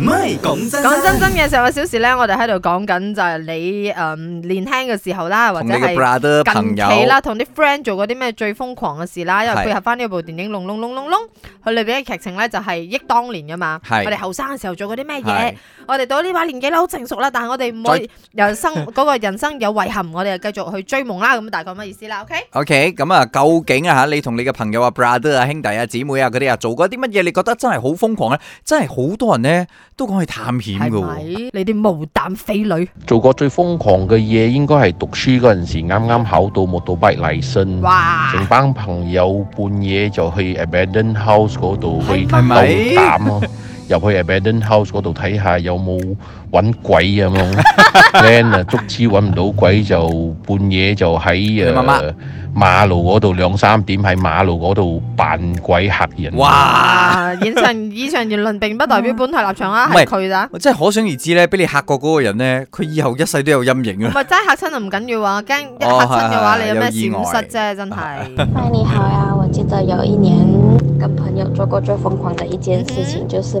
唔係講真，講真真嘅成個小時咧，我哋喺度講緊就係你，誒年輕嘅時候啦，或者係近期啦，同啲 friend 做過啲咩最瘋狂嘅事啦？因為配合翻呢部電影《隆隆隆隆隆》，佢裏邊嘅劇情咧就係憶當年噶嘛。係我哋後生嘅時候做過啲咩嘢？我哋到呢把年紀啦，好成熟啦，但係我哋唔會人生嗰個人生有遺憾，我哋就繼續去追夢啦。咁大概乜意思啦？OK？OK？咁啊，究竟啊吓，你同你嘅朋友啊、brother 啊、兄弟啊、姊妹啊嗰啲啊，做過啲乜嘢？你覺得真係好瘋狂咧？真係好多人咧。都講係探險噶，你啲無膽飛女。做過最瘋狂嘅嘢，應該係讀書嗰陣時候，啱啱考到冇到畢業哇，成班朋友半夜就去 Abandon House 嗰度去偷膽咯。是不是 入去 Baden House 嗰度睇下有冇揾鬼咁樣 plan 啊，足知揾唔到鬼，就半夜就喺誒、呃、馬路嗰度兩三點，喺馬路嗰度扮鬼嚇人。哇、啊！以 上以上言論並不代表本台立場啊。唔係佢咋，我真係可想而知咧，俾你嚇過嗰個人咧，佢以後一世都有陰影啊。唔係真係嚇親就唔緊要話，驚一嚇親嘅話你有咩損失啫、啊，啊、真係。嗨、嗯、你好呀、啊，我記得有一年跟朋友做過最瘋狂的一件事情，就是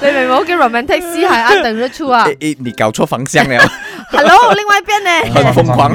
你明唔明？我叫 Romantic，係阿等日出啊！誒誒，你搞錯方向啦！Hello，另外一邊呢？很瘋狂。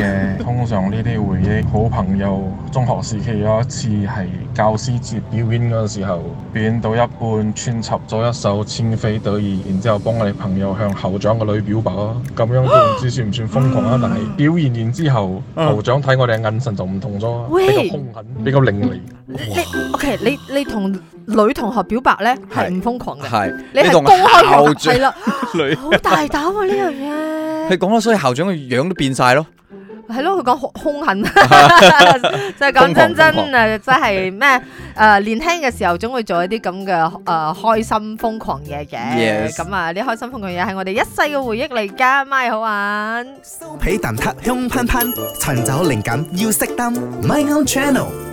通常呢啲回憶，好朋友中學時期有一次係教師節表演嗰時候，表演到一半穿插咗一首《千飛得意》，然之後幫我哋朋友向校長個女表白咯。咁樣都唔知，不知算唔算瘋狂啦，嗯，但係表演完之後，校長睇我哋嘅眼神就唔同咗，比較兇狠，嗯、比較凌厲，嗯。你 OK？你你同女同學表白咧，係唔瘋狂嘅？係你係公開表白，係啦，長 女人好大膽啊！呢樣嘢你講啦，所以校長嘅樣都變晒咯。係咯，佢講凶狠， 就係講真真啊，真係咩？誒、呃，年輕嘅時候總會做一啲咁嘅誒開心瘋狂嘢嘅，咁、yes. 啊啲開心瘋狂嘢係我哋一世嘅回憶嚟噶，咪好玩。嗯、皮蛋撻香噴噴，尋找靈感要熄燈，My Own Channel。